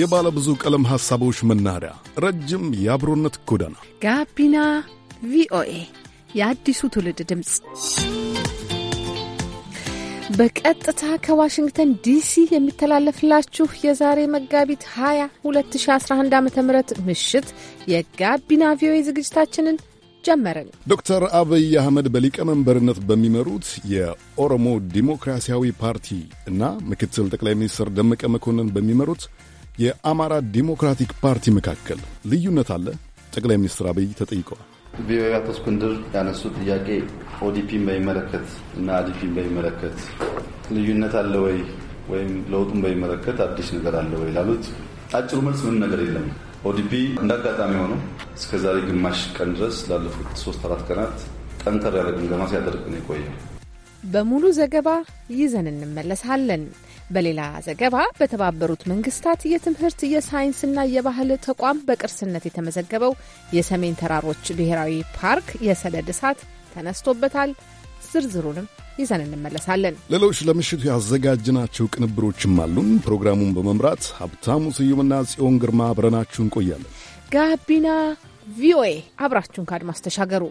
የባለ ብዙ ቀለም ሐሳቦች መናኸሪያ፣ ረጅም የአብሮነት ጎዳና ጋቢና ቪኦኤ የአዲሱ ትውልድ ድምፅ በቀጥታ ከዋሽንግተን ዲሲ የሚተላለፍላችሁ የዛሬ መጋቢት 20 2011 ዓ ም ምሽት የጋቢና ቪኦኤ ዝግጅታችንን ጀመርን። ዶክተር አብይ አህመድ በሊቀመንበርነት በሚመሩት የኦሮሞ ዲሞክራሲያዊ ፓርቲ እና ምክትል ጠቅላይ ሚኒስትር ደመቀ መኮንን በሚመሩት የአማራ ዲሞክራቲክ ፓርቲ መካከል ልዩነት አለ? ጠቅላይ ሚኒስትር አብይ ተጠይቀዋል። ቪኦኤ አቶ እስክንድር ያነሱ ጥያቄ ኦዲፒን በሚመለከት እና አዲፒን በሚመለከት ልዩነት አለ ወይ ወይም ለውጡን በሚመለከት አዲስ ነገር አለ ወይ ላሉት አጭሩ መልስ ምንም ነገር የለም። ኦዲፒ እንዳጋጣሚ ሆኖ እስከዛሬ ግማሽ ቀን ድረስ ላለፉት ሶስት አራት ቀናት ጠንከር ያለ ግምገማ ሲያደርግ ነው የቆየ። በሙሉ ዘገባ ይዘን እንመለሳለን። በሌላ ዘገባ በተባበሩት መንግስታት የትምህርት የሳይንስና የባህል ተቋም በቅርስነት የተመዘገበው የሰሜን ተራሮች ብሔራዊ ፓርክ የሰደድ እሳት ተነስቶበታል። ዝርዝሩንም ይዘን እንመለሳለን። ሌሎች ለምሽቱ ያዘጋጅናቸው ቅንብሮችም አሉን። ፕሮግራሙን በመምራት ሀብታሙ ስዩምና ጽዮን ግርማ አብረናችሁ እንቆያለን። ጋቢና ቪኦኤ አብራችሁን ከአድማስ ተሻገሩ።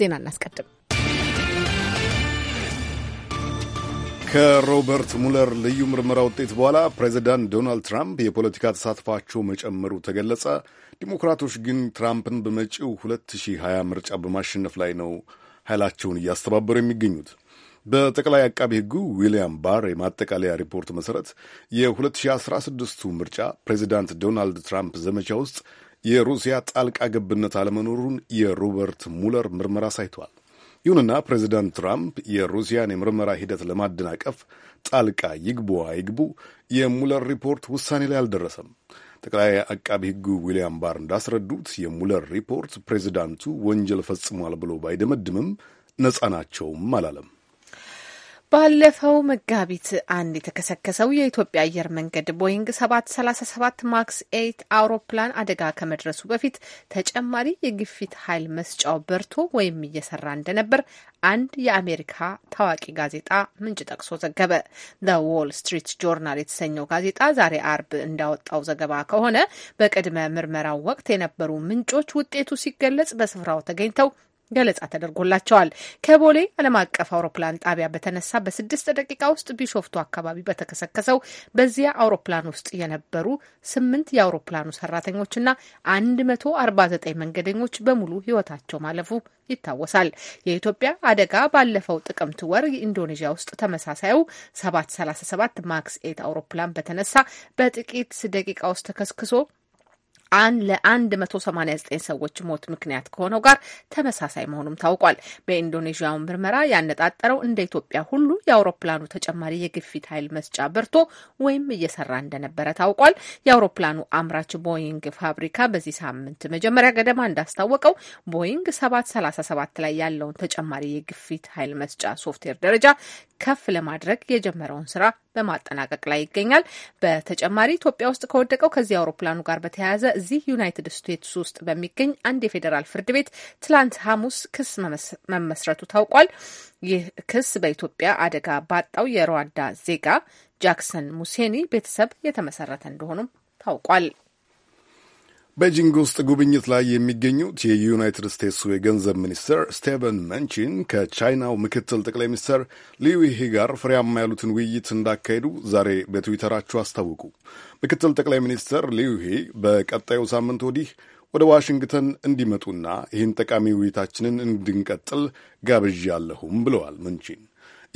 ዜና እናስቀድም። ከሮበርት ሙለር ልዩ ምርመራ ውጤት በኋላ ፕሬዚዳንት ዶናልድ ትራምፕ የፖለቲካ ተሳትፏቸው መጨመሩ ተገለጸ። ዲሞክራቶች ግን ትራምፕን በመጪው 2020 ምርጫ በማሸነፍ ላይ ነው ኃይላቸውን እያስተባበሩ የሚገኙት። በጠቅላይ አቃቢ ሕጉ ዊልያም ባር የማጠቃለያ ሪፖርት መሠረት የ2016ቱ ምርጫ ፕሬዚዳንት ዶናልድ ትራምፕ ዘመቻ ውስጥ የሩሲያ ጣልቃ ገብነት አለመኖሩን የሮበርት ሙለር ምርመራ አሳይቷል። ይሁንና ፕሬዚዳንት ትራምፕ የሩሲያን የምርመራ ሂደት ለማደናቀፍ ጣልቃ ይግቡ አይግቡ የሙለር ሪፖርት ውሳኔ ላይ አልደረሰም። ጠቅላይ አቃቢ ሕጉ ዊልያም ባር እንዳስረዱት የሙለር ሪፖርት ፕሬዚዳንቱ ወንጀል ፈጽሟል ብሎ ባይደመድምም ነጻ ናቸውም አላለም። ባለፈው መጋቢት አንድ የተከሰከሰው የኢትዮጵያ አየር መንገድ ቦይንግ 737 ማክስ 8 አውሮፕላን አደጋ ከመድረሱ በፊት ተጨማሪ የግፊት ኃይል መስጫው በርቶ ወይም እየሰራ እንደነበር አንድ የአሜሪካ ታዋቂ ጋዜጣ ምንጭ ጠቅሶ ዘገበ። ዘ ዎል ስትሪት ጆርናል የተሰኘው ጋዜጣ ዛሬ አርብ እንዳወጣው ዘገባ ከሆነ በቅድመ ምርመራው ወቅት የነበሩ ምንጮች ውጤቱ ሲገለጽ በስፍራው ተገኝተው ገለጻ ተደርጎላቸዋል። ከቦሌ ዓለም አቀፍ አውሮፕላን ጣቢያ በተነሳ በስድስት ደቂቃ ውስጥ ቢሾፍቱ አካባቢ በተከሰከሰው በዚያ አውሮፕላን ውስጥ የነበሩ ስምንት የአውሮፕላኑ ሰራተኞችና አንድ መቶ አርባ ዘጠኝ መንገደኞች በሙሉ ህይወታቸው ማለፉ ይታወሳል። የኢትዮጵያ አደጋ ባለፈው ጥቅምት ወር የኢንዶኔዥያ ውስጥ ተመሳሳዩ 737 ማክስ ኤት አውሮፕላን በተነሳ በጥቂት ደቂቃ ውስጥ ተከስክሶ ለ189 ሰዎች ሞት ምክንያት ከሆነው ጋር ተመሳሳይ መሆኑም ታውቋል። በኢንዶኔዥያው ምርመራ ያነጣጠረው እንደ ኢትዮጵያ ሁሉ የአውሮፕላኑ ተጨማሪ የግፊት ኃይል መስጫ በርቶ ወይም እየሰራ እንደነበረ ታውቋል። የአውሮፕላኑ አምራች ቦይንግ ፋብሪካ በዚህ ሳምንት መጀመሪያ ገደማ እንዳስታወቀው ቦይንግ 737 ላይ ያለውን ተጨማሪ የግፊት ኃይል መስጫ ሶፍትዌር ደረጃ ከፍ ለማድረግ የጀመረውን ስራ በማጠናቀቅ ላይ ይገኛል። በተጨማሪ ኢትዮጵያ ውስጥ ከወደቀው ከዚህ አውሮፕላኑ ጋር በተያያዘ እዚህ ዩናይትድ ስቴትስ ውስጥ በሚገኝ አንድ የፌዴራል ፍርድ ቤት ትላንት ሐሙስ ክስ መመስረቱ ታውቋል። ይህ ክስ በኢትዮጵያ አደጋ ባጣው የሩዋንዳ ዜጋ ጃክሰን ሙሴኒ ቤተሰብ የተመሰረተ እንደሆኑም ታውቋል። ቤጂንግ ውስጥ ጉብኝት ላይ የሚገኙት የዩናይትድ ስቴትሱ የገንዘብ ሚኒስትር ስቴቨን መንቺን ከቻይናው ምክትል ጠቅላይ ሚኒስትር ሊዊሂ ጋር ፍሬያማ ያሉትን ውይይት እንዳካሄዱ ዛሬ በትዊተራቸው አስታወቁ። ምክትል ጠቅላይ ሚኒስትር ሊዊሂ በቀጣዩ ሳምንት ወዲህ ወደ ዋሽንግተን እንዲመጡና ይህን ጠቃሚ ውይይታችንን እንድንቀጥል ጋብዣለሁም ብለዋል መንቺን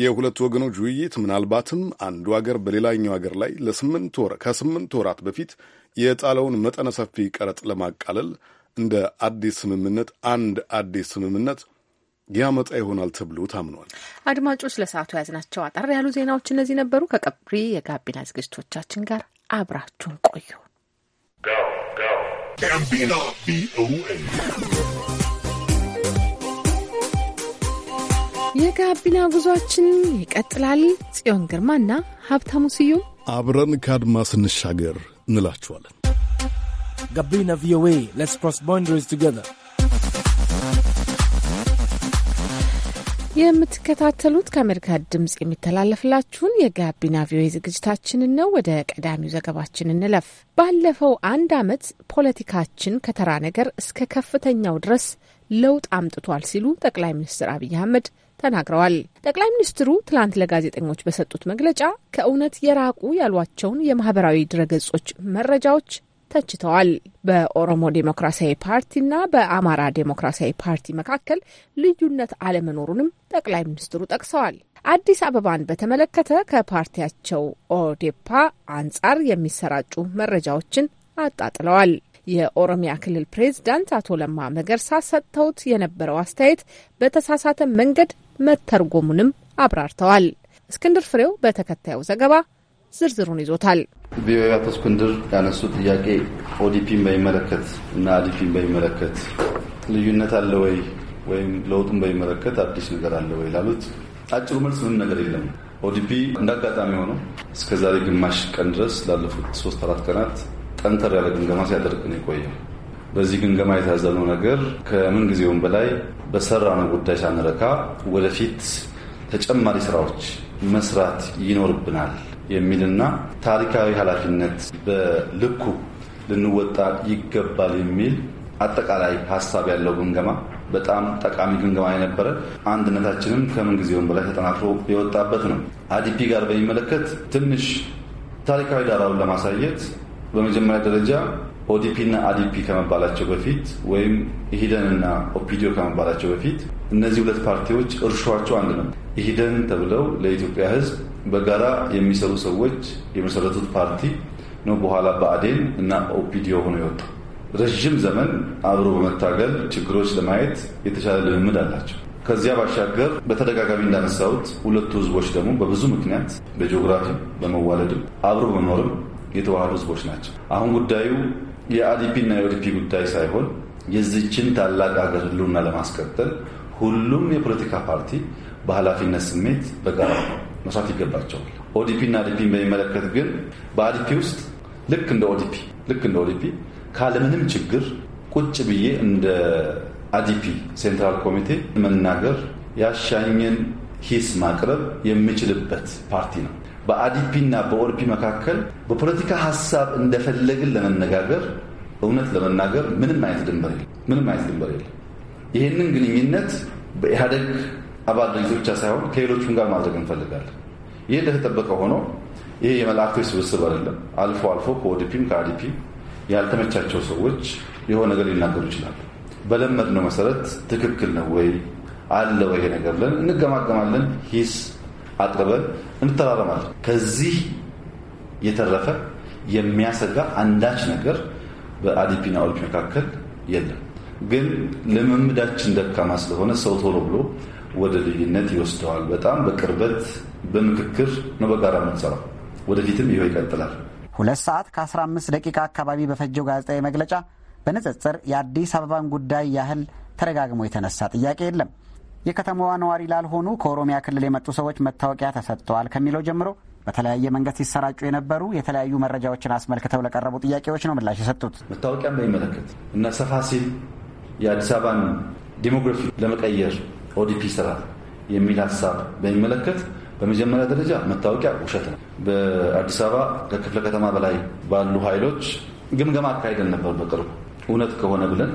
የሁለቱ ወገኖች ውይይት ምናልባትም አንዱ አገር በሌላኛው አገር ላይ ለስምንት ወር ከስምንት ወራት በፊት የጣለውን መጠነ ሰፊ ቀረጥ ለማቃለል እንደ አዲስ ስምምነት አንድ አዲስ ስምምነት ያመጣ ይሆናል ተብሎ ታምኗል። አድማጮች፣ ለሰዓቱ የያዝናቸው አጠር ያሉ ዜናዎች እነዚህ ነበሩ። ከቀብሪ የጋቢና ዝግጅቶቻችን ጋር አብራችሁን ቆዩ። የጋቢና ጉዟችን ይቀጥላል። ጽዮን ግርማና ሀብታሙ ስዩም አብረን ከአድማ ስንሻገር እንላችኋለን። ጋቢና ቪኦኤ ሌትስ ክሮስ ቦንደሪስ ቱጌዘር የምትከታተሉት ከአሜሪካ ድምፅ የሚተላለፍላችሁን የጋቢና ቪኦኤ ዝግጅታችንን ነው። ወደ ቀዳሚው ዘገባችን እንለፍ። ባለፈው አንድ ዓመት ፖለቲካችን ከተራ ነገር እስከ ከፍተኛው ድረስ ለውጥ አምጥቷል ሲሉ ጠቅላይ ሚኒስትር አብይ አህመድ ተናግረዋል። ጠቅላይ ሚኒስትሩ ትላንት ለጋዜጠኞች በሰጡት መግለጫ ከእውነት የራቁ ያሏቸውን የማህበራዊ ድረገጾች መረጃዎች ተችተዋል። በኦሮሞ ዴሞክራሲያዊ ፓርቲና በአማራ ዴሞክራሲያዊ ፓርቲ መካከል ልዩነት አለመኖሩንም ጠቅላይ ሚኒስትሩ ጠቅሰዋል። አዲስ አበባን በተመለከተ ከፓርቲያቸው ኦዴፓ አንጻር የሚሰራጩ መረጃዎችን አጣጥለዋል። የኦሮሚያ ክልል ፕሬዝዳንት አቶ ለማ መገርሳ ሰጥተውት የነበረው አስተያየት በተሳሳተ መንገድ መተርጎሙንም አብራርተዋል። እስክንድር ፍሬው በተከታዩ ዘገባ ዝርዝሩን ይዞታል። ቪኦኤ አቶ እስክንድር ያነሱ ጥያቄ ኦዲፒን በሚመለከት እና አዲፒን በሚመለከት ልዩነት አለ ወይ ወይም ለውጡን በሚመለከት አዲስ ነገር አለ ወይ ላሉት አጭሩ መልስ ምንም ነገር የለም። ኦዲፒ እንዳጋጣሚ ሆነው እስከዛሬ ግማሽ ቀን ድረስ ላለፉት ሶስት አራት ቀናት ጠንተር ያለ ግምገማ ሲያደርግ ነው የቆየው። በዚህ ግምገማ የታዘነው ነገር ከምን ጊዜውም በላይ በሰራነው ጉዳይ ሳንረካ ወደፊት ተጨማሪ ስራዎች መስራት ይኖርብናል የሚልና ታሪካዊ ኃላፊነት በልኩ ልንወጣ ይገባል የሚል አጠቃላይ ሀሳብ ያለው ግምገማ በጣም ጠቃሚ ግምገማ የነበረ አንድነታችንም ከምን ጊዜውም በላይ ተጠናክሮ የወጣበት ነው። አዲፒ ጋር በሚመለከት ትንሽ ታሪካዊ ዳራውን ለማሳየት በመጀመሪያ ደረጃ ኦዲፒ እና አዲፒ ከመባላቸው በፊት ወይም ኢሂደን እና ኦፒዲዮ ከመባላቸው በፊት እነዚህ ሁለት ፓርቲዎች እርሾቸው አንድ ነው። ኢሂደን ተብለው ለኢትዮጵያ ሕዝብ በጋራ የሚሰሩ ሰዎች የመሰረቱት ፓርቲ ነው። በኋላ በአዴን እና ኦፒዲዮ ሆኖ የወጣው ረዥም ዘመን አብሮ በመታገል ችግሮች ለማየት የተሻለ ልምምድ አላቸው። ከዚያ ባሻገር በተደጋጋሚ እንዳነሳሁት ሁለቱ ህዝቦች ደግሞ በብዙ ምክንያት በጂኦግራፊ በመዋለድም አብሮ በመኖርም የተዋሃዱ ህዝቦች ናቸው። አሁን ጉዳዩ የአዲፒና የኦዲፒ ጉዳይ ሳይሆን የዚችን ታላቅ ሀገር ህልውና ለማስቀጠል ሁሉም የፖለቲካ ፓርቲ በኃላፊነት ስሜት በጋራ መስራት ይገባቸዋል። ኦዲፒና አዲፒን በሚመለከት ግን በአዲፒ ውስጥ ልክ እንደ ኦዲፒ ልክ እንደ ኦዲፒ ካለምንም ችግር ቁጭ ብዬ እንደ አዲፒ ሴንትራል ኮሚቴ መናገር ያሻኝን ሂስ ማቅረብ የምችልበት ፓርቲ ነው። በአዲፒ እና በኦርፒ መካከል በፖለቲካ ሀሳብ እንደፈለግን ለመነጋገር እውነት ለመናገር ምንም አይነት ድንበር ምንም አይነት ድንበር የለም። ይህንን ግንኙነት በኢህአደግ አባል ድርጅቶች ብቻ ሳይሆን ከሌሎቹም ጋር ማድረግ እንፈልጋለን። ይህ እንደተጠበቀ ሆኖ ይሄ የመላእክቶች ስብስብ አይደለም። አልፎ አልፎ ከኦዲፒም ከአዲፒም ያልተመቻቸው ሰዎች የሆነ ነገር ሊናገሩ ይችላሉ። በለመድነው መሰረት ትክክል ነው ወይ አለ ወይ ይሄ ነገር ብለን እንገማገማለን ሂስ አቅርበን እንጠራራ ከዚህ የተረፈ የሚያሰጋ አንዳች ነገር በአዲፒና መካከል የለም። ግን ልምምዳችን ደካማ ስለሆነ ሰው ቶሎ ብሎ ወደ ልዩነት ይወስደዋል። በጣም በቅርበት በምክክር ነው በጋራ የምንሰራው። ወደፊትም ይኸው ይቀጥላል። ሁለት ሰዓት ከ15 ደቂቃ አካባቢ በፈጀው ጋዜጣዊ መግለጫ በንጽጽር የአዲስ አበባን ጉዳይ ያህል ተደጋግሞ የተነሳ ጥያቄ የለም። የከተማዋ ነዋሪ ላልሆኑ ከኦሮሚያ ክልል የመጡ ሰዎች መታወቂያ ተሰጥተዋል ከሚለው ጀምሮ በተለያየ መንገድ ሲሰራጩ የነበሩ የተለያዩ መረጃዎችን አስመልክተው ለቀረቡ ጥያቄዎች ነው ምላሽ የሰጡት። መታወቂያን በሚመለከት እና ሰፋ ሲል የአዲስ አበባን ዲሞግራፊ ለመቀየር ኦዲፒ ስራ የሚል ሀሳብ በሚመለከት በመጀመሪያ ደረጃ መታወቂያ ውሸት ነው። በአዲስ አበባ ከክፍለ ከተማ በላይ ባሉ ኃይሎች ግምገማ አካሄደን ነበር በቅርቡ። እውነት ከሆነ ብለን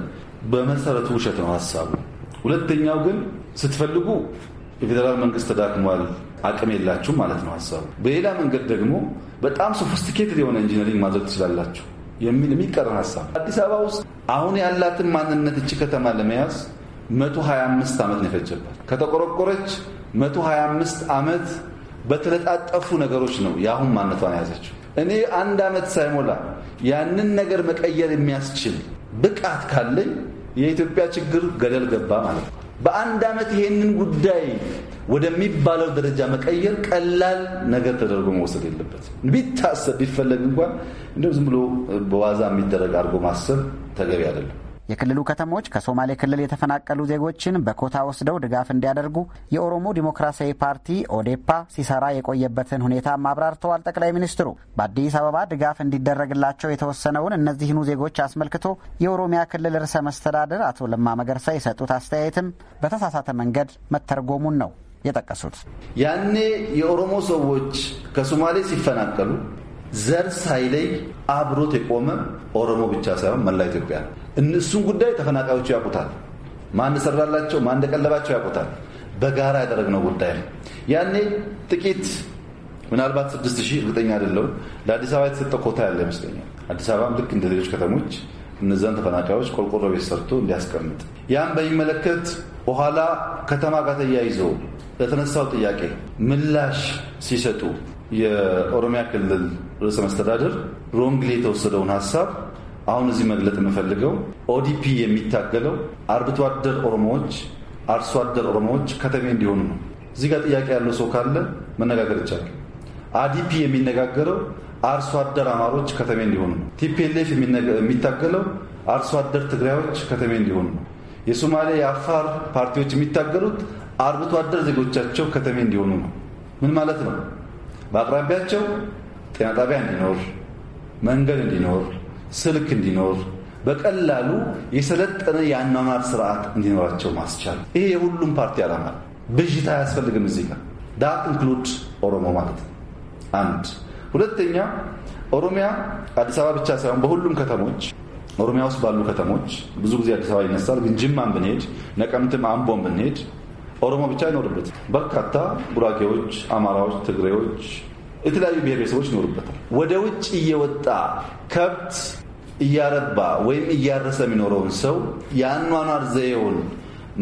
በመሰረቱ ውሸት ነው ሀሳቡ። ሁለተኛው ግን ስትፈልጉ የፌዴራል መንግስት ተዳክሟል፣ አቅም የላችሁም ማለት ነው ሀሳቡ። በሌላ መንገድ ደግሞ በጣም ሶፊስቲኬትድ የሆነ ኢንጂነሪንግ ማድረግ ትችላላችሁ የሚል የሚቀረን ሀሳብ አዲስ አበባ ውስጥ አሁን ያላትን ማንነት እቺ ከተማ ለመያዝ 125 ዓመት ነው የፈጀባት። ከተቆረቆረች 125 ዓመት በተለጣጠፉ ነገሮች ነው የአሁን ማነቷን የያዘችው። እኔ አንድ ዓመት ሳይሞላ ያንን ነገር መቀየር የሚያስችል ብቃት ካለኝ የኢትዮጵያ ችግር ገደል ገባ ማለት ነው። በአንድ ዓመት ይሄንን ጉዳይ ወደሚባለው ደረጃ መቀየር ቀላል ነገር ተደርጎ መውሰድ የለበት። ቢታሰብ ቢፈለግ እንኳን እንደው ዝም ብሎ በዋዛ የሚደረግ አድርጎ ማሰብ ተገቢ አይደለም። የክልሉ ከተሞች ከሶማሌ ክልል የተፈናቀሉ ዜጎችን በኮታ ወስደው ድጋፍ እንዲያደርጉ የኦሮሞ ዲሞክራሲያዊ ፓርቲ ኦዴፓ ሲሰራ የቆየበትን ሁኔታም አብራርተዋል። ጠቅላይ ሚኒስትሩ በአዲስ አበባ ድጋፍ እንዲደረግላቸው የተወሰነውን እነዚህኑ ዜጎች አስመልክቶ የኦሮሚያ ክልል ርዕሰ መስተዳድር አቶ ለማ መገርሳ የሰጡት አስተያየትም በተሳሳተ መንገድ መተርጎሙን ነው የጠቀሱት። ያኔ የኦሮሞ ሰዎች ከሶማሌ ሲፈናቀሉ ዘር ሳይለይ አብሮት የቆመ ኦሮሞ ብቻ ሳይሆን መላ ኢትዮጵያ እነሱን ጉዳይ ተፈናቃዮቹ ያውቁታል። ማን ሰራላቸው፣ ማን እንደቀለባቸው ያውቁታል። በጋራ ያደረግነው ጉዳይ ነው። ያኔ ጥቂት ምናልባት ስድስት ሺህ እርግጠኛ አይደለሁም። ለአዲስ አበባ የተሰጠ ኮታ ያለ ይመስለኛል። አዲስ አበባም ልክ እንደ ሌሎች ከተሞች እነዛን ተፈናቃዮች ቆርቆሮ ቤት ሰርቶ እንዲያስቀምጥ ያን በሚመለከት በኋላ ከተማ ጋር ተያይዞ ለተነሳው ጥያቄ ምላሽ ሲሰጡ የኦሮሚያ ክልል ርዕሰ መስተዳደር ሮንግሊ የተወሰደውን ሀሳብ አሁን እዚህ መግለጥ የምፈልገው ኦዲፒ የሚታገለው አርብቶ አደር ኦሮሞዎች አርሶ አደር ኦሮሞዎች ከተሜ እንዲሆኑ ነው። እዚህ ጋር ጥያቄ ያለው ሰው ካለ መነጋገር ይቻላል። አዲፒ የሚነጋገረው አርሶ አደር አማሮች ከተሜ እንዲሆኑ ነው። ቲፒኤልኤፍ የሚታገለው አርሶ አደር ትግራዮች ከተሜ እንዲሆኑ ነው። የሶማሌ የአፋር ፓርቲዎች የሚታገሉት አርብቶ አደር ዜጎቻቸው ከተሜ እንዲሆኑ ነው። ምን ማለት ነው? በአቅራቢያቸው ጤና ጣቢያ እንዲኖር፣ መንገድ እንዲኖር፣ ስልክ እንዲኖር በቀላሉ የሰለጠነ የአኗኗር ስርዓት እንዲኖራቸው ማስቻል። ይሄ የሁሉም ፓርቲ አላማ ብዥታ አያስፈልግም። እዚህ ጋር ዳት ኢንክሉድ ኦሮሞ ማለት ነው። አንድ ሁለተኛ፣ ኦሮሚያ አዲስ አበባ ብቻ ሳይሆን በሁሉም ከተሞች ኦሮሚያ ውስጥ ባሉ ከተሞች ብዙ ጊዜ አዲስ አበባ ይነሳል፣ ግን ጅማን ብንሄድ፣ ነቀምትም አምቦን ብንሄድ ኦሮሞ ብቻ አይኖርበት። በርካታ ጉራጌዎች፣ አማራዎች፣ ትግሬዎች፣ የተለያዩ ብሔረሰቦች ይኖሩበታል። ወደ ውጭ እየወጣ ከብት እያረባ ወይም እያረሰ የሚኖረውን ሰው የአኗኗር ዘዬውን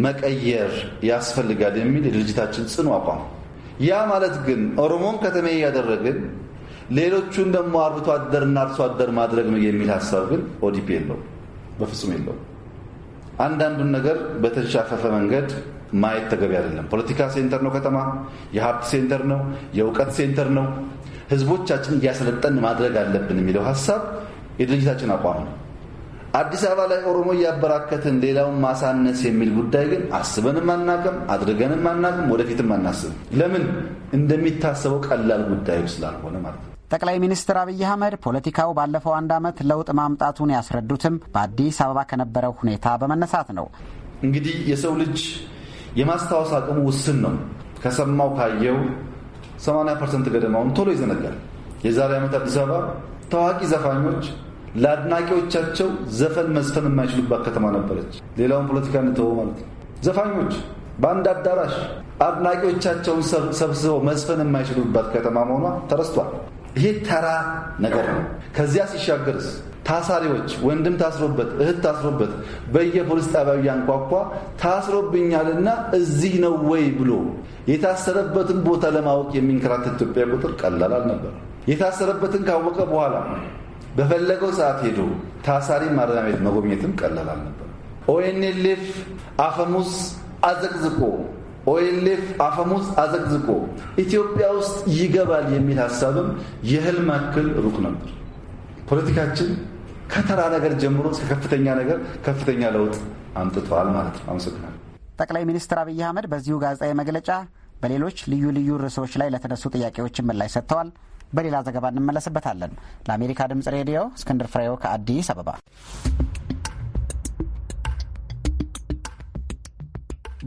መቀየር ያስፈልጋል የሚል የድርጅታችን ጽኑ አቋም። ያ ማለት ግን ኦሮሞን ከተሜ እያደረግን ሌሎቹን ደግሞ አርብቶ አደርና አርሶ አደር ማድረግ ነው የሚል ሀሳብ ግን ኦዲፒ የለው፣ በፍጹም የለው። አንዳንዱን ነገር በተንሻፈፈ መንገድ ማየት ተገቢ አይደለም። ፖለቲካ ሴንተር ነው ከተማ፣ የሀብት ሴንተር ነው፣ የእውቀት ሴንተር ነው። ህዝቦቻችን እያሰለጠን ማድረግ አለብን የሚለው ሀሳብ የድርጅታችን አቋም ነው። አዲስ አበባ ላይ ኦሮሞ እያበራከትን ሌላውን ማሳነስ የሚል ጉዳይ ግን አስበንም አናቅም፣ አድርገንም አናቅም፣ ወደፊትም አናስብም። ለምን እንደሚታሰበው ቀላል ጉዳይ ስላልሆነ ማለት ነው። ጠቅላይ ሚኒስትር አብይ አህመድ ፖለቲካው ባለፈው አንድ ዓመት ለውጥ ማምጣቱን ያስረዱትም በአዲስ አበባ ከነበረው ሁኔታ በመነሳት ነው። እንግዲህ የሰው ልጅ የማስታወስ አቅሙ ውስን ነው። ከሰማው ካየው 80 ፐርሰንት ገደማውን ቶሎ ይዘነጋል። የዛሬ ዓመት አዲስ አበባ ታዋቂ ዘፋኞች ለአድናቂዎቻቸው ዘፈን መዝፈን የማይችሉባት ከተማ ነበረች። ሌላውን ፖለቲካ እንተወው ማለት ነው። ዘፋኞች በአንድ አዳራሽ አድናቂዎቻቸውን ሰብስበው መዝፈን የማይችሉባት ከተማ መሆኗ ተረስቷል። ይሄ ተራ ነገር ነው። ከዚያ ሲሻገርስ ታሳሪዎች ወንድም ታስሮበት እህት ታስሮበት በየፖሊስ ጣቢያው ያንኳኳ ታስሮብኛልና እዚህ ነው ወይ ብሎ የታሰረበትን ቦታ ለማወቅ የሚንከራተት ኢትዮጵያ ቁጥር ቀላል አልነበር። የታሰረበትን ካወቀ በኋላ በፈለገው ሰዓት ሄዶ ታሳሪ ማረሚያ ቤት መጎብኘትም ቀላል አልነበር። ኦኤንኤልኤፍ አፈሙዝ አዘቅዝቆ ኦኤልኤፍ አፈሙዝ አዘቅዝቆ ኢትዮጵያ ውስጥ ይገባል የሚል ሀሳብም የህልም ያክል ሩቅ ነበር። ፖለቲካችን ከተራ ነገር ጀምሮ ከፍተኛ ነገር ከፍተኛ ለውጥ አምጥተዋል ማለት ነው። አመሰግናል። ጠቅላይ ሚኒስትር አብይ አህመድ በዚሁ ጋዜጣዊ መግለጫ በሌሎች ልዩ ልዩ ርዕሶች ላይ ለተነሱ ጥያቄዎችን ምላሽ ሰጥተዋል። በሌላ ዘገባ እንመለስበታለን። ለአሜሪካ ድምጽ ሬዲዮ እስክንድር ፍሬው ከአዲስ አበባ።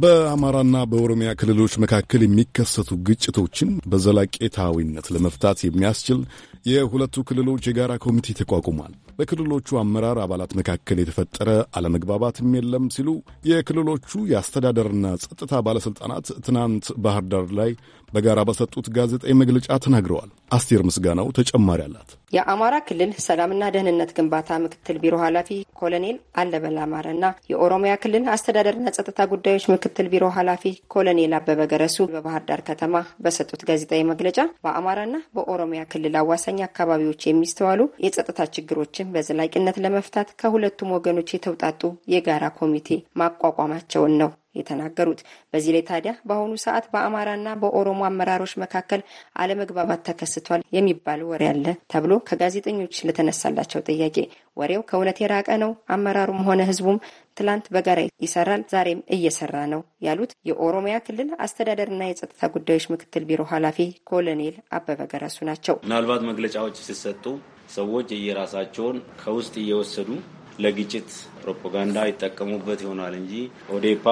በአማራና በኦሮሚያ ክልሎች መካከል የሚከሰቱ ግጭቶችን በዘላቄታዊነት ለመፍታት የሚያስችል የሁለቱ ክልሎች የጋራ ኮሚቴ ተቋቁሟል። በክልሎቹ አመራር አባላት መካከል የተፈጠረ አለመግባባትም የለም ሲሉ የክልሎቹ የአስተዳደርና ጸጥታ ባለሥልጣናት ትናንት ባህር ዳር ላይ በጋራ በሰጡት ጋዜጣዊ መግለጫ ተናግረዋል። አስቴር ምስጋናው ተጨማሪ አላት። የአማራ ክልል ሰላምና ደህንነት ግንባታ ምክትል ቢሮ ኃላፊ ኮሎኔል አለበል አማረና የኦሮሚያ ክልል አስተዳደርና ጸጥታ ጉዳዮች ምክትል ቢሮ ኃላፊ ኮሎኔል አበበ ገረሱ በባህር ዳር ከተማ በሰጡት ጋዜጣዊ መግለጫ በአማራና በኦሮሚያ ክልል አዋሳኝ አካባቢዎች የሚስተዋሉ የጸጥታ ችግሮችን በዘላቂነት ለመፍታት ከሁለቱም ወገኖች የተውጣጡ የጋራ ኮሚቴ ማቋቋማቸውን ነው የተናገሩት። በዚህ ላይ ታዲያ በአሁኑ ሰዓት በአማራና በኦሮሞ አመራሮች መካከል አለመግባባት ተከስቷል የሚባል ወሬ አለ ተብሎ ከጋዜጠኞች ለተነሳላቸው ጥያቄ ወሬው ከእውነት የራቀ ነው፣ አመራሩም ሆነ ህዝቡም ትላንት በጋራ ይሰራል፣ ዛሬም እየሰራ ነው ያሉት የኦሮሚያ ክልል አስተዳደርና የጸጥታ ጉዳዮች ምክትል ቢሮ ኃላፊ ኮሎኔል አበበ ገረሱ ናቸው። ምናልባት መግለጫዎች ሲሰጡ ሰዎች የየራሳቸውን ከውስጥ እየወሰዱ ለግጭት ፕሮፓጋንዳ ይጠቀሙበት ይሆናል እንጂ ኦዴፓ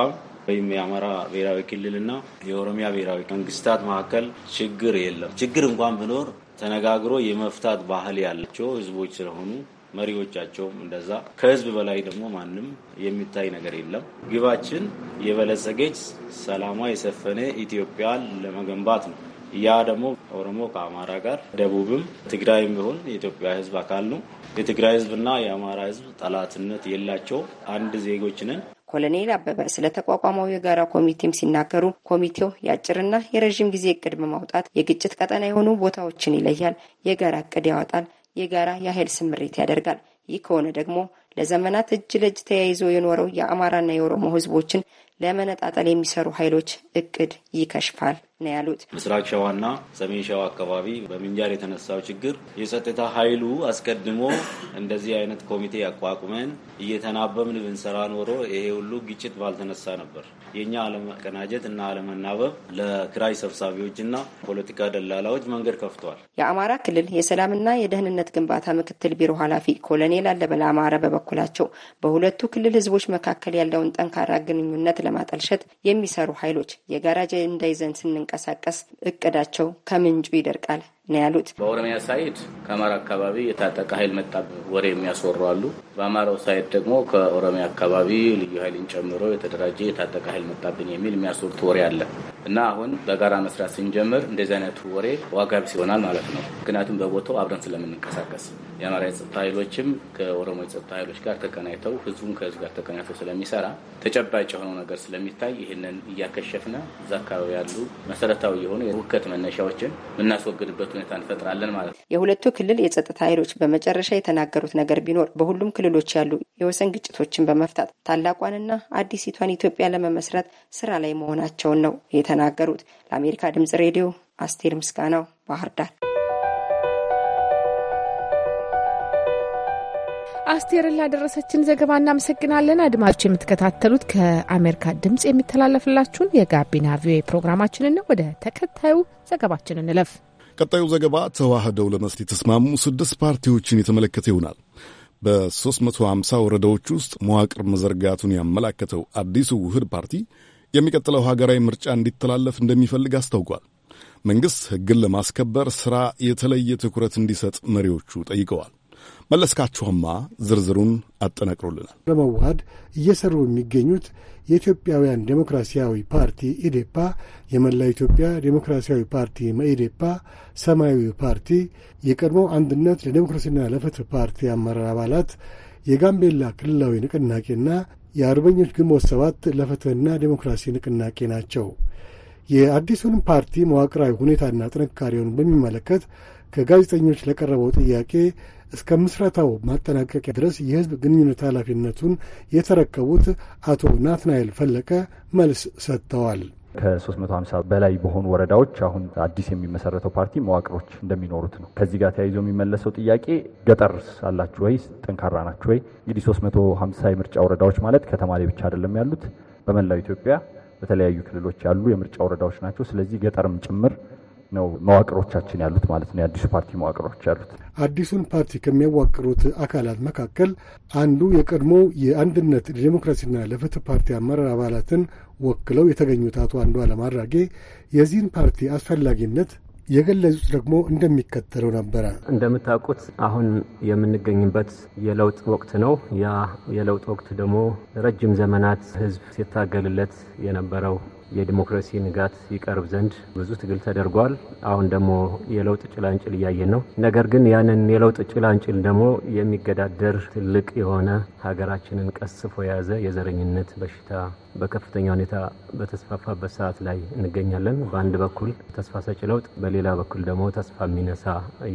ወይም የአማራ ብሔራዊ ክልልና የኦሮሚያ ብሔራዊ መንግስታት መካከል ችግር የለም። ችግር እንኳን ቢኖር ተነጋግሮ የመፍታት ባህል ያላቸው ህዝቦች ስለሆኑ መሪዎቻቸውም እንደዛ ከህዝብ በላይ ደግሞ ማንም የሚታይ ነገር የለም። ግባችን የበለጸገች ሰላማ የሰፈነ ኢትዮጵያን ለመገንባት ነው። ያ ደግሞ ኦሮሞ ከአማራ ጋር ደቡብም ትግራይም ቢሆን የኢትዮጵያ ህዝብ አካል ነው። የትግራይ ህዝብና የአማራ ህዝብ ጠላትነት የላቸው አንድ ዜጎች ነን። ኮሎኔል አበበ ስለ ተቋቋመው የጋራ ኮሚቴም ሲናገሩ ኮሚቴው የአጭርና የረዥም ጊዜ እቅድ በማውጣት የግጭት ቀጠና የሆኑ ቦታዎችን ይለያል፣ የጋራ እቅድ ያወጣል፣ የጋራ የኃይል ስምሪት ያደርጋል። ይህ ከሆነ ደግሞ ለዘመናት እጅ ለእጅ ተያይዞ የኖረው የአማራና የኦሮሞ ህዝቦችን ለመነጣጠል የሚሰሩ ኃይሎች እቅድ ይከሽፋል ነው ያሉት። ምስራቅ ሸዋና ሰሜን ሸዋ አካባቢ በምንጃር የተነሳው ችግር የጸጥታ ኃይሉ አስቀድሞ እንደዚህ አይነት ኮሚቴ አቋቁመን እየተናበብን ብንሰራ ኖሮ ይሄ ሁሉ ግጭት ባልተነሳ ነበር። የእኛ አለመቀናጀት እና አለመናበብ ለኪራይ ሰብሳቢዎችና ፖለቲካ ደላላዎች መንገድ ከፍቷል። የአማራ ክልል የሰላምና የደህንነት ግንባታ ምክትል ቢሮ ኃላፊ ኮሎኔል አለበለ አማረ በበኩላቸው በሁለቱ ክልል ህዝቦች መካከል ያለውን ጠንካራ ግንኙነት ለማጠልሸት የሚሰሩ ኃይሎች የጋራ አጀንዳ ይዘን ስንንቀ ለመንቀሳቀስ እቅዳቸው ከምንጩ ይደርቃል ነው ያሉት። በኦሮሚያ ሳይድ ከአማራ አካባቢ የታጠቀ ኃይል መጣ ወሬ የሚያስወሩ አሉ። በአማራው ሳይድ ደግሞ ከኦሮሚያ አካባቢ ልዩ ኃይልን ጨምሮ የተደራጀ የታጠቀ ኃይል መጣብን የሚል የሚያስወሩት ወሬ አለ እና አሁን በጋራ መስራት ስንጀምር እንደዚህ አይነቱ ወሬ ዋጋ ቢስ ይሆናል ማለት ነው። ምክንያቱም በቦታው አብረን ስለምንንቀሳቀስ የአማራ የጸጥታ ኃይሎችም ከኦሮሞ የጸጥታ ኃይሎች ጋር ተቀናይተው ህዝቡም ከህዝብ ጋር ተቀናይተው ስለሚሰራ ተጨባጭ የሆነው ነገር ስለሚታይ ይህንን እያከሸፍነ እዛ አካባቢ ያሉ መሰረታዊ የሆኑ የውከት መነሻዎችን የምናስወግድበት ሁኔታ እንፈጥራለን ማለት ነው። የሁለቱ ክልል የጸጥታ ኃይሎች በመጨረሻ የተናገሩት ነገር ቢኖር በሁሉም ክልሎች ያሉ የወሰን ግጭቶችን በመፍታት ታላቋንና አዲሲቷን ኢትዮጵያ ለመመስረት ስራ ላይ መሆናቸውን ነው የተናገሩት። ለአሜሪካ ድምጽ ሬዲዮ አስቴር ምስጋናው ባህር ዳር። አስቴርን ላደረሰችን ዘገባ እናመሰግናለን። አድማጮች የምትከታተሉት ከአሜሪካ ድምፅ የሚተላለፍላችሁን የጋቢና ቪኦኤ ፕሮግራማችንን ነው። ወደ ተከታዩ ዘገባችን እንለፍ። ቀጣዩ ዘገባ ተዋህደው ለመስል የተስማሙ ስድስት ፓርቲዎችን የተመለከተ ይሆናል። በ350 ወረዳዎች ውስጥ መዋቅር መዘርጋቱን ያመላከተው አዲሱ ውህድ ፓርቲ የሚቀጥለው ሀገራዊ ምርጫ እንዲተላለፍ እንደሚፈልግ አስታውቋል። መንግሥት ሕግን ለማስከበር ሥራ የተለየ ትኩረት እንዲሰጥ መሪዎቹ ጠይቀዋል። መለስካችሁማ ዝርዝሩን አጠናቅሮልናል። ለመዋሃድ እየሰሩ የሚገኙት የኢትዮጵያውያን ዴሞክራሲያዊ ፓርቲ ኢዴፓ፣ የመላ ኢትዮጵያ ዴሞክራሲያዊ ፓርቲ መኢዴፓ፣ ሰማያዊ ፓርቲ፣ የቀድሞ አንድነት ለዴሞክራሲና ለፍትህ ፓርቲ አመራር አባላት፣ የጋምቤላ ክልላዊ ንቅናቄና የአርበኞች ግንቦት ሰባት ለፍትህና ዴሞክራሲ ንቅናቄ ናቸው። የአዲሱን ፓርቲ መዋቅራዊ ሁኔታና ጥንካሬውን በሚመለከት ከጋዜጠኞች ለቀረበው ጥያቄ እስከ ምስረታው ማጠናቀቂያ ድረስ የህዝብ ግንኙነት ኃላፊነቱን የተረከቡት አቶ ናትናኤል ፈለቀ መልስ ሰጥተዋል። ከ350 በላይ በሆኑ ወረዳዎች አሁን አዲስ የሚመሰረተው ፓርቲ መዋቅሮች እንደሚኖሩት ነው። ከዚህ ጋር ተያይዞ የሚመለሰው ጥያቄ ገጠር አላችሁ ወይ? ጠንካራ ናችሁ ወይ? እንግዲህ 350 የምርጫ ወረዳዎች ማለት ከተማ ላይ ብቻ አይደለም ያሉት፣ በመላው ኢትዮጵያ በተለያዩ ክልሎች ያሉ የምርጫ ወረዳዎች ናቸው። ስለዚህ ገጠርም ጭምር ነው መዋቅሮቻችን ያሉት ማለት ነው። የአዲሱ ፓርቲ መዋቅሮች ያሉት አዲሱን ፓርቲ ከሚያዋቅሩት አካላት መካከል አንዱ የቀድሞ የአንድነት ለዲሞክራሲና ለፍትህ ፓርቲ አመራር አባላትን ወክለው የተገኙት አቶ አንዱዓለም አራጌ የዚህን ፓርቲ አስፈላጊነት የገለጹት ደግሞ እንደሚከተለው ነበረ። እንደምታውቁት አሁን የምንገኝበት የለውጥ ወቅት ነው። ያ የለውጥ ወቅት ደግሞ ረጅም ዘመናት ህዝብ ሲታገልለት የነበረው የዲሞክራሲ ንጋት ይቀርብ ዘንድ ብዙ ትግል ተደርጓል። አሁን ደግሞ የለውጥ ጭላንጭል እያየን ነው። ነገር ግን ያንን የለውጥ ጭላንጭል ደግሞ የሚገዳደር ትልቅ የሆነ ሀገራችንን ቀስፎ የያዘ የዘረኝነት በሽታ በከፍተኛ ሁኔታ በተስፋፋበት ሰዓት ላይ እንገኛለን። በአንድ በኩል ተስፋ ሰጭ ለውጥ፣ በሌላ በኩል ደግሞ ተስፋ የሚነሳ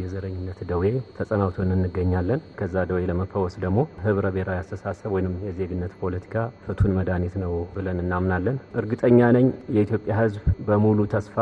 የዘረኝነት ደዌ ተጸናውቶን እንገኛለን። ከዛ ደዌ ለመፈወስ ደግሞ ህብረ ብሔራዊ አስተሳሰብ ወይም የዜግነት ፖለቲካ ፍቱን መድኃኒት ነው ብለን እናምናለን። እርግጠኛ ነኝ የኢትዮጵያ ህዝብ በሙሉ ተስፋ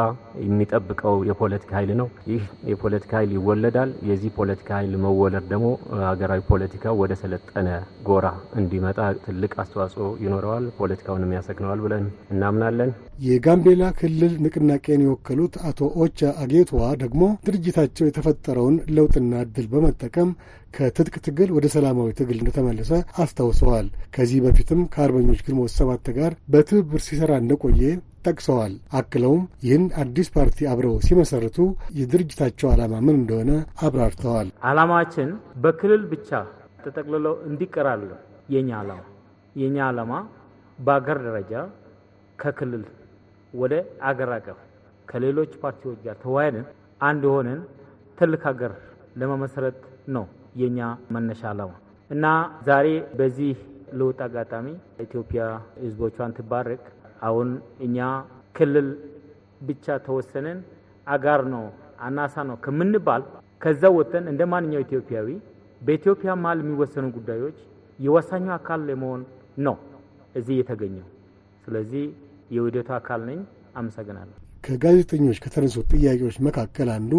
የሚጠብቀው የፖለቲካ ኃይል ነው። ይህ የፖለቲካ ኃይል ይወለዳል። የዚህ ፖለቲካ ኃይል መወለድ ደግሞ ሀገራዊ ፖለቲካው ወደ ሰለጠነ ጎራ እንዲመጣ ትልቅ አስተዋጽኦ ይኖረዋል። ፖለቲካውን ኢትዮጵያንም ያሰግነዋል ብለን እናምናለን። የጋምቤላ ክልል ንቅናቄን የወከሉት አቶ ኦቻ አጌትዋ ደግሞ ድርጅታቸው የተፈጠረውን ለውጥና እድል በመጠቀም ከትጥቅ ትግል ወደ ሰላማዊ ትግል እንደተመለሰ አስታውሰዋል። ከዚህ በፊትም ከአርበኞች ግንቦት ሰባት ጋር በትብብር ሲሰራ እንደቆየ ጠቅሰዋል። አክለውም ይህን አዲስ ፓርቲ አብረው ሲመሰርቱ የድርጅታቸው ዓላማ ምን እንደሆነ አብራርተዋል። ዓላማችን በክልል ብቻ ተጠቅልለው እንዲቀራሉ የኛ ዓላማ የኛ ዓላማ በአገር ደረጃ ከክልል ወደ አገር አቀፍ ከሌሎች ፓርቲዎች ጋር ተወያይነን አንድ ሆነን ትልቅ ሀገር ለመመስረት ነው የኛ መነሻ ዓላማ እና ዛሬ በዚህ ለውጥ አጋጣሚ ኢትዮጵያ ሕዝቦቿን ትባረክ። አሁን እኛ ክልል ብቻ ተወሰነን አጋር ነው አናሳ ነው ከምንባል ከዛ ወጥተን እንደ ማንኛው ኢትዮጵያዊ በኢትዮጵያ መሀል የሚወሰኑ ጉዳዮች የወሳኙ አካል ለመሆን ነው። እዚህ የተገኘው። ስለዚህ የውህደቱ አካል ነኝ። አመሰግናለሁ። ከጋዜጠኞች ከተነሱ ጥያቄዎች መካከል አንዱ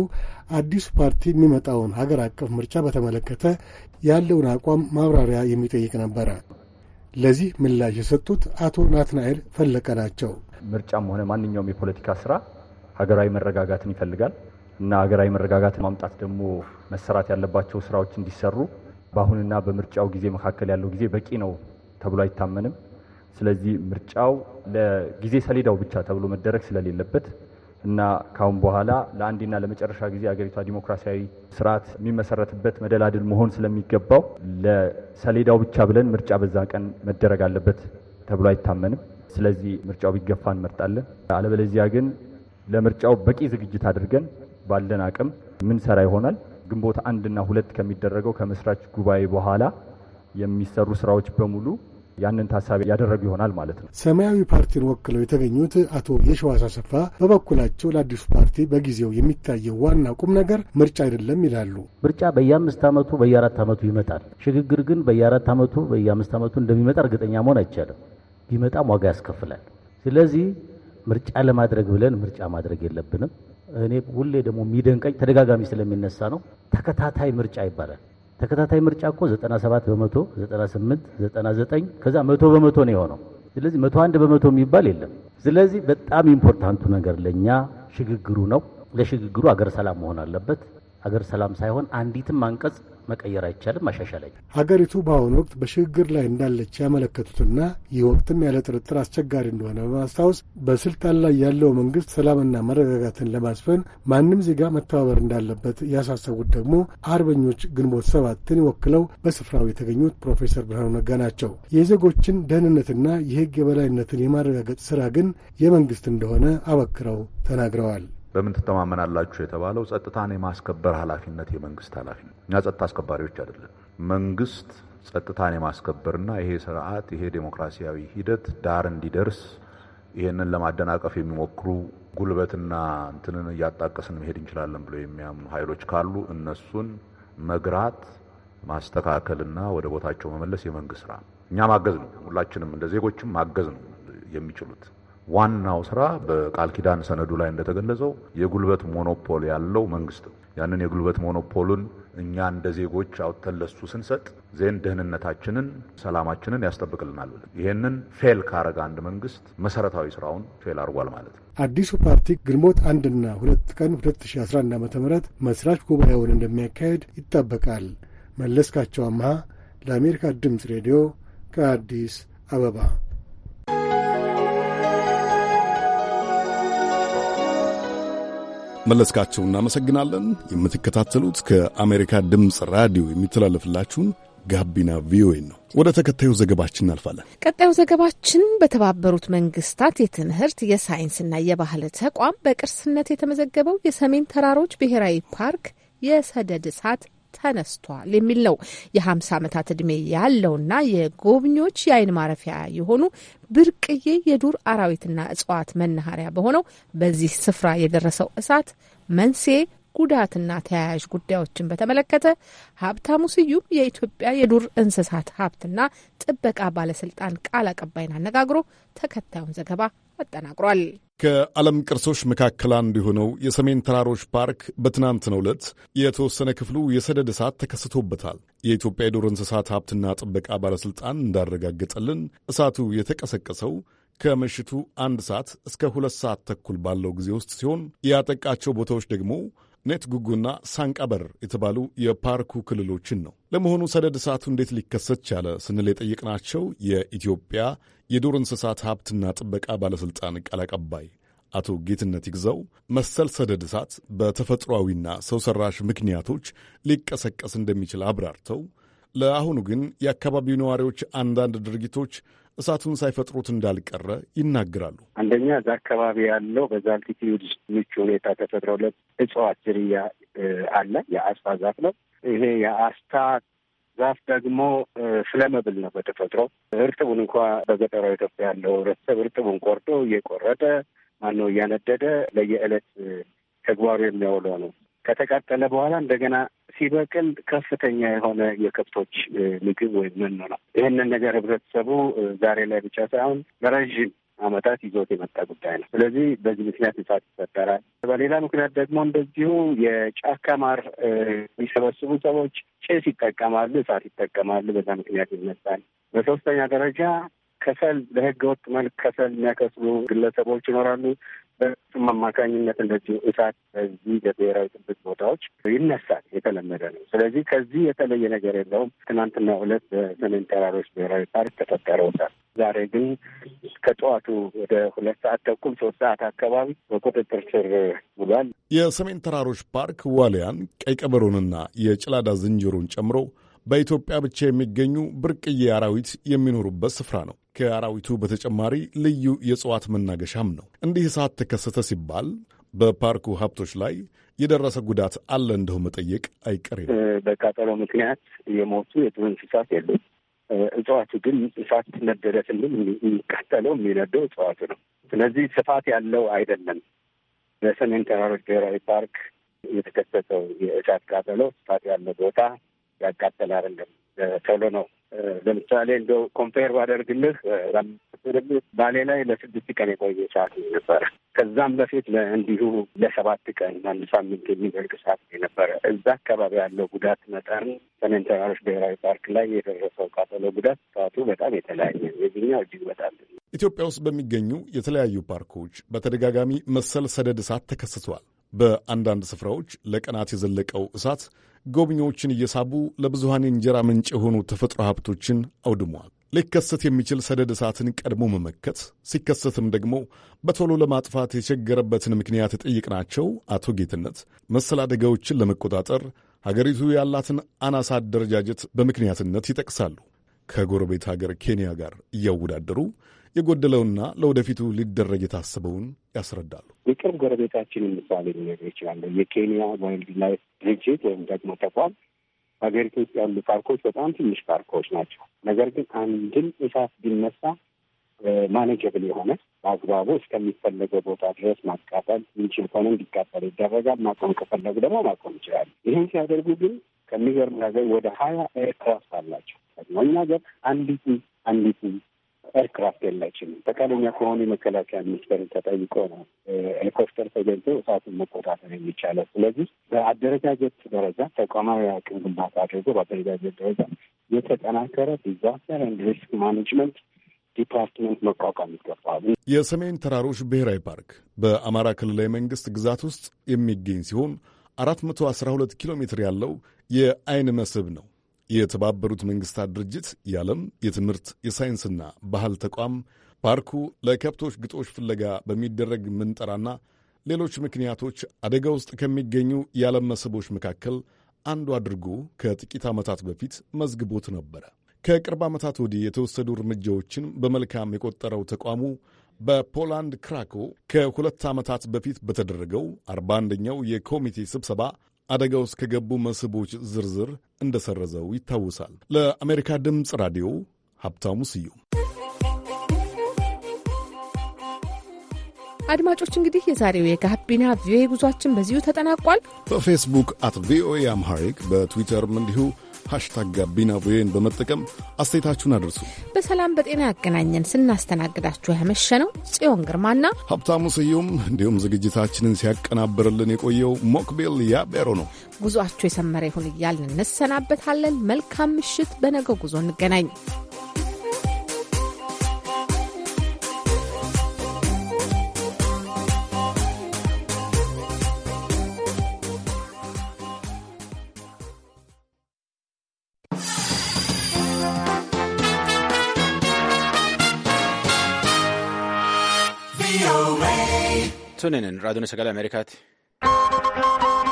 አዲሱ ፓርቲ የሚመጣውን ሀገር አቀፍ ምርጫ በተመለከተ ያለውን አቋም ማብራሪያ የሚጠይቅ ነበረ። ለዚህ ምላሽ የሰጡት አቶ ናትናኤል ፈለቀ ናቸው። ምርጫም ሆነ ማንኛውም የፖለቲካ ስራ ሀገራዊ መረጋጋትን ይፈልጋል እና ሀገራዊ መረጋጋትን ማምጣት ደግሞ መሰራት ያለባቸው ስራዎች እንዲሰሩ በአሁንና በምርጫው ጊዜ መካከል ያለው ጊዜ በቂ ነው ተብሎ አይታመንም። ስለዚህ ምርጫው ለጊዜ ሰሌዳው ብቻ ተብሎ መደረግ ስለሌለበት እና ካሁን በኋላ ለአንዴና ለመጨረሻ ጊዜ አገሪቷ ዲሞክራሲያዊ ስርዓት የሚመሰረትበት መደላድል መሆን ስለሚገባው ለሰሌዳው ብቻ ብለን ምርጫ በዛ ቀን መደረግ አለበት ተብሎ አይታመንም። ስለዚህ ምርጫው ቢገፋ እንመርጣለን። አለበለዚያ ግን ለምርጫው በቂ ዝግጅት አድርገን ባለን አቅም ምን ሰራ ይሆናል። ግንቦት አንድና ሁለት ከሚደረገው ከመስራች ጉባኤ በኋላ የሚሰሩ ስራዎች በሙሉ ያንን ታሳቢ ያደረጉ ይሆናል ማለት ነው። ሰማያዊ ፓርቲን ወክለው የተገኙት አቶ የሸዋስ አሰፋ በበኩላቸው ለአዲሱ ፓርቲ በጊዜው የሚታየው ዋና ቁም ነገር ምርጫ አይደለም ይላሉ። ምርጫ በየአምስት ዓመቱ በየአራት ዓመቱ ይመጣል። ሽግግር ግን በየአራት ዓመቱ በየአምስት ዓመቱ እንደሚመጣ እርግጠኛ መሆን አይቻልም። ቢመጣም ዋጋ ያስከፍላል። ስለዚህ ምርጫ ለማድረግ ብለን ምርጫ ማድረግ የለብንም። እኔ ሁሌ ደግሞ የሚደንቀኝ ተደጋጋሚ ስለሚነሳ ነው። ተከታታይ ምርጫ ይባላል። ተከታታይ ምርጫ እኮ 97 በመቶ 98 99 ከዛ መቶ በመቶ ነው የሆነው። ስለዚህ መቶ አንድ በመቶ የሚባል የለም። ስለዚህ በጣም ኢምፖርታንቱ ነገር ለእኛ ሽግግሩ ነው። ለሽግግሩ አገር ሰላም መሆን አለበት። ሀገር ሰላም ሳይሆን አንዲትም አንቀጽ መቀየር አይቻልም፣ ማሻሻል አይቻልም። ሀገሪቱ በአሁኑ ወቅት በሽግግር ላይ እንዳለች ያመለከቱትና ይህ ወቅትም ያለ ጥርጥር አስቸጋሪ እንደሆነ በማስታወስ በስልጣን ላይ ያለው መንግስት ሰላምና መረጋጋትን ለማስፈን ማንም ዜጋ መተባበር እንዳለበት ያሳሰቡት ደግሞ አርበኞች ግንቦት ሰባትን ወክለው በስፍራው የተገኙት ፕሮፌሰር ብርሃኑ ነጋ ናቸው። የዜጎችን ደህንነትና የህግ የበላይነትን የማረጋገጥ ስራ ግን የመንግስት እንደሆነ አበክረው ተናግረዋል። በምን ትተማመናላችሁ የተባለው ጸጥታን የማስከበር ኃላፊነት የመንግስት ኃላፊነት እኛ ጸጥታ አስከባሪዎች አይደለም። መንግስት ጸጥታን የማስከበርና ይሄ ስርዓት ይሄ ዴሞክራሲያዊ ሂደት ዳር እንዲደርስ ይሄንን ለማደናቀፍ የሚሞክሩ ጉልበትና እንትንን እያጣቀስን መሄድ እንችላለን ብሎ የሚያምኑ ኃይሎች ካሉ እነሱን መግራት ማስተካከልና ወደ ቦታቸው መመለስ የመንግስት ስራ፣ እኛ ማገዝ ነው። ሁላችንም እንደ ዜጎችም ማገዝ ነው የሚችሉት ዋናው ስራ በቃል ኪዳን ሰነዱ ላይ እንደተገለጸው የጉልበት ሞኖፖል ያለው መንግስት ነው። ያንን የጉልበት ሞኖፖሉን እኛ እንደ ዜጎች አውጥተን ለሱ ስንሰጥ ዜን ደህንነታችንን፣ ሰላማችንን ያስጠብቅልናል ብለን ፌል ካረገ አንድ መንግስት መሰረታዊ ስራውን ፌል አድርጓል ማለት ነው። አዲሱ ፓርቲ ግንቦት አንድና ሁለት ቀን 2011 ዓ ም መስራች ጉባኤውን እንደሚያካሄድ ይጠበቃል። መለስካቸው አምሃ ለአሜሪካ ድምፅ ሬዲዮ ከአዲስ አበባ መለስካቸው እናመሰግናለን። የምትከታተሉት ከአሜሪካ ድምፅ ራዲዮ የሚተላለፍላችሁን ጋቢና ቪኦኤ ነው። ወደ ተከታዩ ዘገባችን እናልፋለን። ቀጣዩ ዘገባችን በተባበሩት መንግስታት የትምህርት የሳይንስና የባህል ተቋም በቅርስነት የተመዘገበው የሰሜን ተራሮች ብሔራዊ ፓርክ የሰደድ እሳት ተነስቷል የሚል ነው። የ50 ዓመታት ዕድሜ ያለውና የጎብኚዎች የአይን ማረፊያ የሆኑ ብርቅዬ የዱር አራዊትና እጽዋት መናኸሪያ በሆነው በዚህ ስፍራ የደረሰው እሳት መንስኤ ጉዳትና ተያያዥ ጉዳዮችን በተመለከተ ሀብታሙ ስዩም የኢትዮጵያ የዱር እንስሳት ሀብትና ጥበቃ ባለስልጣን ቃል አቀባይን አነጋግሮ ተከታዩን ዘገባ አጠናቅሯል። ከዓለም ቅርሶች መካከል አንዱ የሆነው የሰሜን ተራሮች ፓርክ በትናንትናው ዕለት የተወሰነ ክፍሉ የሰደድ እሳት ተከስቶበታል። የኢትዮጵያ የዱር እንስሳት ሀብትና ጥበቃ ባለሥልጣን እንዳረጋገጠልን እሳቱ የተቀሰቀሰው ከምሽቱ አንድ ሰዓት እስከ ሁለት ሰዓት ተኩል ባለው ጊዜ ውስጥ ሲሆን ያጠቃቸው ቦታዎች ደግሞ ኔት ጉጉና ሳንቃበር የተባሉ የፓርኩ ክልሎችን ነው። ለመሆኑ ሰደድ እሳቱ እንዴት ሊከሰት ቻለ ስንል የጠየቅናቸው የኢትዮጵያ የዱር እንስሳት ሀብትና ጥበቃ ባለሥልጣን ቃል አቀባይ አቶ ጌትነት ይግዘው መሰል ሰደድ እሳት በተፈጥሯዊና ሰው ሰራሽ ምክንያቶች ሊቀሰቀስ እንደሚችል አብራርተው ለአሁኑ ግን የአካባቢው ነዋሪዎች አንዳንድ ድርጊቶች እሳቱን ሳይፈጥሩት እንዳልቀረ ይናገራሉ። አንደኛ እዛ አካባቢ ያለው በዛ አልቲቲዩድ ምቹ ሁኔታ ተፈጥሮለት እጽዋት ዝርያ አለ። የአስታ ዛፍ ነው። ይሄ የአስታ ዛፍ ደግሞ ፍለመብል ነው በተፈጥሮ እርጥቡን እንኳ በገጠራዊ ኢትዮጵያ ያለው ህብረተሰብ እርጥቡን ቆርጦ እየቆረጠ ማነው እያነደደ ለየዕለት ተግባሩ የሚያውለው ነው። ከተቃጠለ በኋላ እንደገና ሲበቅል ከፍተኛ የሆነ የከብቶች ምግብ ወይም መኖ ነው። ይህንን ነገር ህብረተሰቡ ዛሬ ላይ ብቻ ሳይሆን ለረዥም ዓመታት ይዞት የመጣ ጉዳይ ነው። ስለዚህ በዚህ ምክንያት እሳት ይፈጠራል። በሌላ ምክንያት ደግሞ እንደዚሁ የጫካ ማር የሚሰበስቡ ሰዎች ጭስ ይጠቀማሉ፣ እሳት ይጠቀማሉ። በዛ ምክንያት ይነሳል። በሶስተኛ ደረጃ ከሰል፣ ለህገ ወጥ መልክ ከሰል የሚያከስሉ ግለሰቦች ይኖራሉ። በሱም አማካኝነት እንደዚሁ እሳት በዚህ በብሔራዊ ጥብቅ ቦታዎች ይነሳል። የተለመደ ነው። ስለዚህ ከዚህ የተለየ ነገር የለውም። ትናንትና ሁለት በሰሜን ተራሮች ብሔራዊ ፓርክ ተፈጠረውታል። እሳት። ዛሬ ግን ከጠዋቱ ወደ ሁለት ሰዓት ተኩል ሶስት ሰዓት አካባቢ በቁጥጥር ስር ውሏል። የሰሜን ተራሮች ፓርክ ዋልያን፣ ቀይ ቀበሮንና የጭላዳ ዝንጀሮን ጨምሮ በኢትዮጵያ ብቻ የሚገኙ ብርቅዬ አራዊት የሚኖሩበት ስፍራ ነው። ከአራዊቱ በተጨማሪ ልዩ የእጽዋት መናገሻም ነው። እንዲህ እሳት ተከሰተ ሲባል በፓርኩ ሀብቶች ላይ የደረሰ ጉዳት አለ እንደው መጠየቅ አይቀሬ። በቃጠሎ ምክንያት የሞቱ የዱር እንስሳት የሉ። እጽዋቱ ግን እሳት ነደደ ስንል የሚቃጠለው የሚነደው እጽዋቱ ነው። ስለዚህ ስፋት ያለው አይደለም። በሰሜን ተራሮች ብሔራዊ ፓርክ የተከሰተው የእሳት ቃጠሎ ስፋት ያለው ቦታ ያቃጠል አይደለም፣ ቶሎ ነው። ለምሳሌ እንደ ኮምፔር ባደርግልህ ባሌ ላይ ለስድስት ቀን የቆየ ሰዓት ነበረ። ከዛም በፊት እንዲሁ ለሰባት ቀን አንድ ሳምንት የሚደርግ ሰዓት ነበረ። እዛ አካባቢ ያለው ጉዳት መጠን ሰሜን ተራሮች ብሔራዊ ፓርክ ላይ የደረሰው ቃጠሎ ጉዳት ሰዓቱ በጣም የተለያየ የዚህኛው እጅግ በጣም ኢትዮጵያ ውስጥ በሚገኙ የተለያዩ ፓርኮች በተደጋጋሚ መሰል ሰደድ እሳት ተከስቷል። በአንዳንድ ስፍራዎች ለቀናት የዘለቀው እሳት ጎብኚዎችን እየሳቡ ለብዙሃን የእንጀራ ምንጭ የሆኑ ተፈጥሮ ሀብቶችን አውድሟል። ሊከሰት የሚችል ሰደድ እሳትን ቀድሞ መመከት፣ ሲከሰትም ደግሞ በቶሎ ለማጥፋት የቸገረበትን ምክንያት የጠየቅናቸው አቶ ጌትነት መሰል አደጋዎችን ለመቆጣጠር ሀገሪቱ ያላትን አናሳ አደረጃጀት በምክንያትነት ይጠቅሳሉ። ከጎረቤት ሀገር ኬንያ ጋር እያወዳደሩ የጎደለውና ለወደፊቱ ሊደረግ የታሰበውን ያስረዳሉ። የቅርብ ጎረቤታችን ምሳሌ ሊነግር ይችላለ። የኬንያ ዋይልድ ላይፍ ድርጅት ወይም ደግሞ ተቋም ሀገሪቱ ውስጥ ያሉ ፓርኮች በጣም ትንሽ ፓርኮች ናቸው። ነገር ግን አንድም እሳት ቢነሳ ማኔጀብል የሆነ በአግባቡ እስከሚፈለገው ቦታ ድረስ ማቃጠል እንችል ከሆነ እንዲቃጠል ይደረጋል። ማቆም ከፈለጉ ደግሞ ማቆም ይችላል። ይህን ሲያደርጉ ግን ከሚገርም ነገር ወደ ሀያ ኤርክራፍት አላቸው። ደግሞ እኛ ሀገር አንዲቱ አንዲቱ ኤርክራፍት የላችንም። ፈቃደኛ ከሆኑ የመከላከያ ሚኒስቴር ተጠይቆ ነው ሄሊኮፕተር ተገኝቶ እሳቱን መቆጣጠር የሚቻለው። ስለዚህ በአደረጃጀት ደረጃ ተቋማዊ አቅም ግንባታ አድርጎ በአደረጃጀት ደረጃ የተጠናከረ ዲዛስተር ኤንድ ሪስክ ማኔጅመንት ዲፓርትመንት መቋቋም ይገባል። የሰሜን ተራሮች ብሔራዊ ፓርክ በአማራ ክልላዊ መንግስት ግዛት ውስጥ የሚገኝ ሲሆን አራት መቶ አስራ ሁለት ኪሎ ሜትር ያለው የአይን መስህብ ነው። የተባበሩት መንግስታት ድርጅት የዓለም የትምህርት የሳይንስና ባህል ተቋም ፓርኩ ለከብቶች ግጦሽ ፍለጋ በሚደረግ ምንጠራና ሌሎች ምክንያቶች አደጋ ውስጥ ከሚገኙ የዓለም መስህቦች መካከል አንዱ አድርጎ ከጥቂት ዓመታት በፊት መዝግቦት ነበረ። ከቅርብ ዓመታት ወዲህ የተወሰዱ እርምጃዎችን በመልካም የቆጠረው ተቋሙ በፖላንድ ክራኮ ከሁለት ዓመታት በፊት በተደረገው አርባ አንደኛው የኮሚቴ ስብሰባ አደጋ ውስጥ ከገቡ መስህቦች ዝርዝር እንደሰረዘው ይታወሳል። ለአሜሪካ ድምፅ ራዲዮ ሀብታሙ ስዩም። አድማጮች እንግዲህ የዛሬው የጋቢና ቪኦኤ ጉዟችን በዚሁ ተጠናቋል። በፌስቡክ አት ቪኦኤ አምሃሪክ በትዊተርም እንዲሁ ሃሽታግ ጋቢና ቪኦኤን በመጠቀም አስተያየታችሁን አድርሱ። በሰላም በጤና ያገናኘን። ስናስተናግዳችሁ ያመሸ ነው ጽዮን ግርማና ሀብታሙ ስዩም፣ እንዲሁም ዝግጅታችንን ሲያቀናብርልን የቆየው ሞክቤል ያቤሮ ነው። ጉዞአችሁ የሰመረ ይሁን እያልን እንሰናበታለን። መልካም ምሽት። በነገ ጉዞ እንገናኝ። sunin raadiyoon sagalee